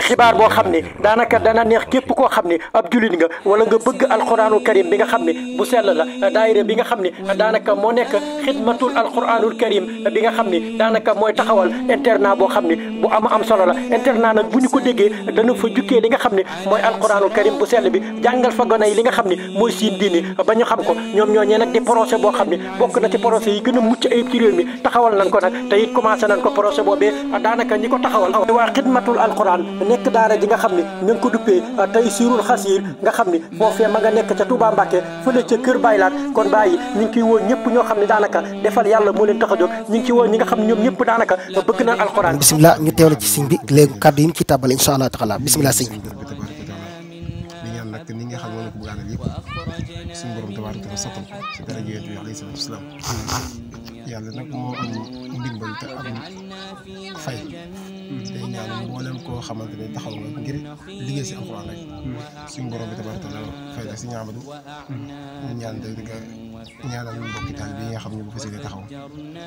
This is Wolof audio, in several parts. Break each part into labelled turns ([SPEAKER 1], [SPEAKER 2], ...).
[SPEAKER 1] xibaar boo xam ne daanaka dana neex képp koo xam ne ab julit nga wala nga bëgg alquranul karim bi nga xam ne bu sell la daayira bi nga xam ne daanaka moo nekk xidmatul alquranul karim bi nga xam ne daanaka mooy taxawal internat boo xam ne bu am am solo la internat nag bu ñu ko déggee dana fa jukkee li nga xam ne mooy alquranul karim bu sell bi jàngal fa gone yi li nga xam ne mooy siin diini ba ñu xam ko ñoom ñooñee nag di projet boo xam ne bokk na ci projet yi gën a mucc ayib ci réew mi taxawal nañ ko nag te it commencé nañ ko projet boobee daanaka ñi ko taxawal waa xidmatul alquran nek daara ji nga xamni ni ñu ngi ko duppé tay surul khasir nga xamni ni foofee ma nga nek ci Touba mbacké fele ci keur baylat kon bayyi ñu ngi wo ñepp ño xamni danaka defal yalla mo leen tax a ñu ngi wo ñi nga xamni ñom ñepp
[SPEAKER 2] danaka bëgg na alcorane
[SPEAKER 1] bismillah ñu teewla ci sëñ bi légu kaddu yi mu ci tàbbal insha allah taala Bismillah. sëñ ni
[SPEAKER 2] nga borom tey ñaan mboolem koo xamante la si ñaamadu. ñu ñaan de nga ñaanal mbokki taal bi nga xam ne bu
[SPEAKER 1] fas yéene taxaw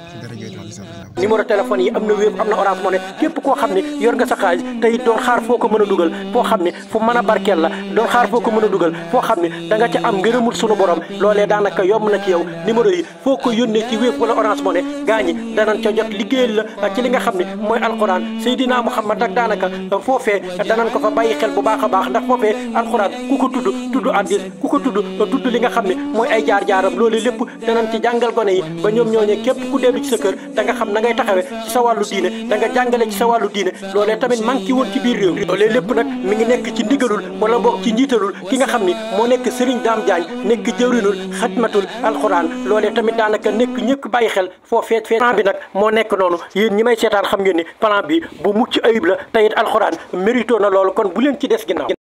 [SPEAKER 1] si dara jooy taxaw si sa numéro téléphone yi am na wéeb am na orange képp koo xam ne yor sa xaalis tey doon xaar foo ko mën a dugal foo xam ne fu mën a barkeel la doon xaar foo ko mën a dugal foo xam ne da nga ca am ngërëmul sunu borom loolee daanaka yomb na ci yow numéro yi foo ko yónnee ci wéeb wala orange moo ne gaa ñi danañ ca liggéeyal la ci li nga xam ne mooy alxuraan Seydina Muhammad nag daanaka foofee danañ ko fa bàyyi xel bu baax a baax ndax foofee alxuraan ku ko tudd tudd addis ku ko tudd li nga xam ne mooy ay jaar-jaaram loolu lépp danañ ci jàngal gone yi ba ñoom ñooñee képp ku dellu ci sa kër da nga xam na ngay taxawee ci sa wàllu diine da nga jàngale ci sa wàllu diine loolee tamit manqué woon ci biir réew mi loolee lépp nag mi ngi nekk ci ndigalul wala boog ci njiitalul ki nga xam ni moo nekk Serigne Dame Diagne nekk jëwrinul xatmatul alxuraan loolee tamit daanaka nekk ñëkk bàyyi xel foo feet feet plan bi nag moo nekk noonu yéen ñi may seetaan xam ngeen ni bu mucc ayib la tayit alxuraan mérito na loolu kon bu leen ci des ginnaaw